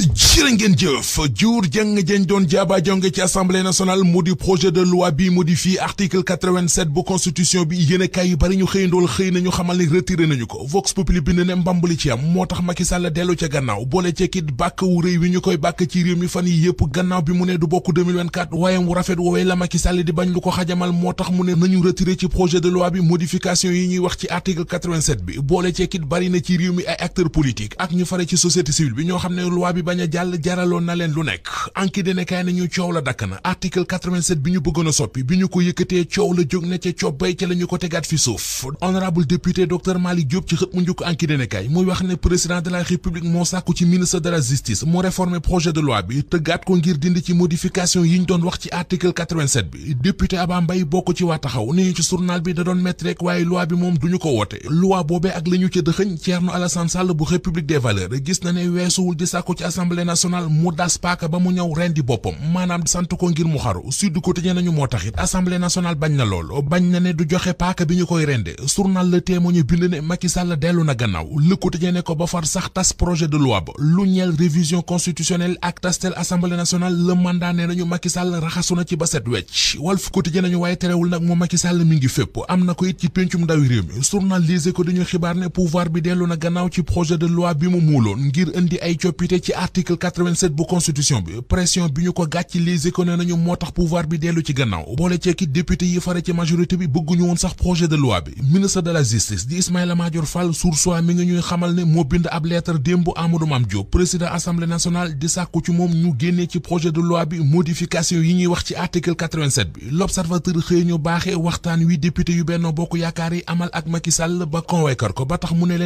jërë ngeen jëf jur jëng jëng doon jaaba jonge ci assemblée nationale mu di projet de loi bi modifié article bu constitution bi yéen a kaay yu bari ñu xëyandool xëy nañu xamal ne retiré nañu ko vox populi bind ne mbambali ci am moo tax Macky dellu ca gannaaw boole ca bàkk wu rëy wi ñu koy bàkk ci réew mi fan yi yëpp gannaaw bi mu ne du bokk 2024 mu rafet woowee la di bañ lu ko xajamal moo tax mu ne nañu retiré ci projet de loi bi na ci réew mi ay acteurs politiques ak ñu fare ci société civile bi ñoo xam ne loi bi bañ a jàll jaraloon na leen lu nekk anki dina kaay coow la dakk na article bi ñu bëggoon soppi bi ñu ko yëkkatee coow la jóg na ca cobbay ca la ko tegaat fi suuf honorable député docteur Malick Diop ci xët mu njëkk anki muy wax ne président de la république moo sàkku ci ministre de la justice mu réformer projet de loi bi tëggaat ko ngir dindi ci modification yi ñu doon wax ci article 87 bi député Aba Mbaye bokk ci waa taxaw nee assemblée nationale mu das paaka ba mu ñëw rendi boppam maanaam sant ko ngir mu xaru Sud Quotidien nañu moo taxit assemblée nationale bañ na lool bañ na ne du joxe paaka bi ñu koy rende journal Le Témoin ñu bind ne Macky Sall dellu na gannaaw Le Quotidien ne ko ba far sax tas projet de loi ba lu ñeel révision constitutionnelle ak tastel assemblée nationale le mandat ne nañu Macky raxasu na ci ba set wecc Walf Quotidien nañu waaye terewul article 87 bu constitution bi pression bi ñu ko gàcc les économies nañu moo tax pouvoir bi dellu ci gannaaw boole ceeki député yi fare ci majorité bi bëgguñu woon sax projet de loi bi ministre de la justice di Ismaïla Madior Fall Source mi ngi ñuy xamal ne moo bind ab lettre démb Amadou Mame président assemblée nationale di sàkku ci moom ñu génnee ci projet de loi bi modification yi ñuy wax ci article 87 bi l'observateur xëy ñu baaxee waxtaan wi député yu Benno Bokk Yaakaar yi amal ak Macky Sall ba convaincre ko ba tax mu ne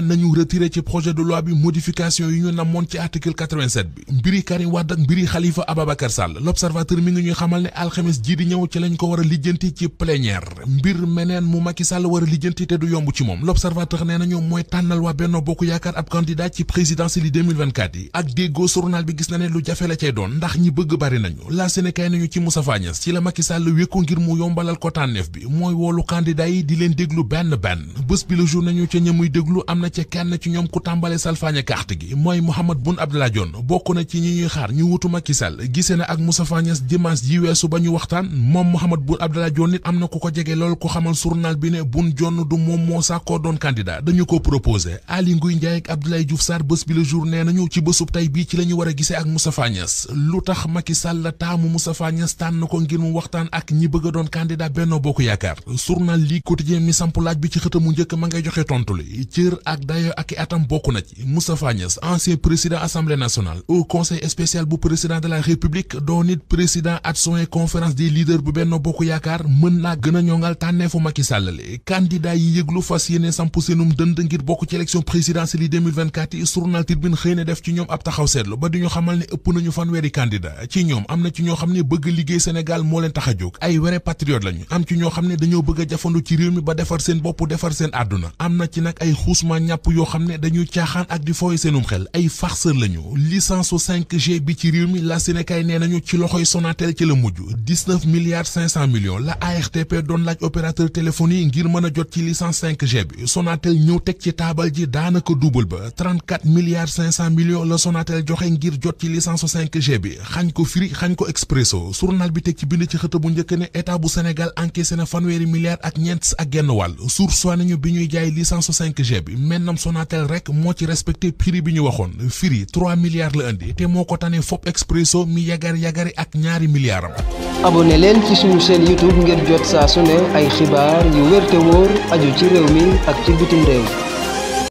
2027 bi mbiri Karim Wade ak mbiri Khalifa Ababacar Sall l'observateur mi ngi ñuy xamal ne alxames ji di ñëw ci lañ ko war a lijjanti ci plénière mbir meneen mu i Sall war a lijjanti te du yomb ci moom l'observateur ne nañu mooy tànnal waa Benno Bokk Yaakaar ab candidat ci présidentielle yi 2024 yi ak déggoo journal bi gis na ne lu jafe la cay doon ndax ñi bëgg bari nañu la Sénégal nañu ci Moustapha Niasse ci la Macky Sall wékku ngir mu yombalal ko tànneef bi mooy woolu candidat yi di leen déglu benn benn bés bi la jour nañu ca ñamuy déglu am na ca kenn ci ñoom ku tàmbale salfaañe carte gi mooy Mouhamed Boun Abdallah Dionne bokk na ci ñi ñuy xaar ñu wutu Macky Sall gisee na ak Moustapha Niasse dimanche ji weesu ba ñu waxtaan moom Mahammed Boun Abdallah Dionne nit am na ku ko jege loolu ko xamal journal bi ne Boun jonn du moom moo sàkkoo doon candidat dañu ko proposé Aly Ngouille Ndiaye ak Abdoulaye Diouf Sarr bés bi le jour nee nañu ci bésub tey bii ci la ñu war a ak Moustapha Niasse lu tax Macky Sall taamu Moustapha Niasse tànn ko ngir mu waxtaan ak ñi bëgg a doon candidat Benno Bokk Yaakaar journal lii quotidien mi samp laaj bi ci xëtamu njëkk ma ngay joxe tontu li cër ak na ci Moustapha Niasse ancien président assemblée nationale national au conseil bu président de la république doon it président adjoint conférence des leaders bu Benno Bokk Yaakaar mën naa gën a ñoŋal tànneefu Macky Sall le candidat yi yëglu fas yéene samp seenum dënd ngir bokk ci élection présidentielle yi 2024 yi journal Tribune xëy na def ci ñoom ab taxaw seetlu ba di ñu xamal ne ëpp nañu fanweeri candidat ci ñoom am na ci ñoo xam ne bëgg liggéey Sénégal moo leen tax a jóg ay wéré patriote lañu am ci ñoo xam ne dañoo bëgg a ci réew mi ba defar seen bopp defar seen àdduna am na ci nag ay xuusma ñàpp yoo xam ne dañuy caaxaan ak di fooy seenum xel ay farceur lañu licence su 5G bi ci réew mi la Sénégal nee nañu ci loxoy Sonatel ci la mujj 19 milliards la ARTP doon laaj opérateur téléphone yi ngir mën a jot ci licence 5G bi Sonatel ñëw teg ci taabal ji daanaka double ba 34 milliards 500 millions la Sonatel joxe ngir jot ci licence su 5G bi xañ ko Free xañ ko Expresso journal bi teg ci bind ci xët bu njëkk ne état bu Sénégal encaissé na fanweeri milliards ak ñeent ak genn wàll source waa nañu bi ñuy jaay licence su 5G bi mennam Sonatel rek moo ci respecté prix bi ñu waxoon Free milliards la indi te moo ko tane fop expresso mi yagari yagari ak ñaari milliards am. abonné leen ci suñu chaîne YouTube ngir jot saa su ne ay xibaar yu wér te aju ci réew mi ak ci bitim réew.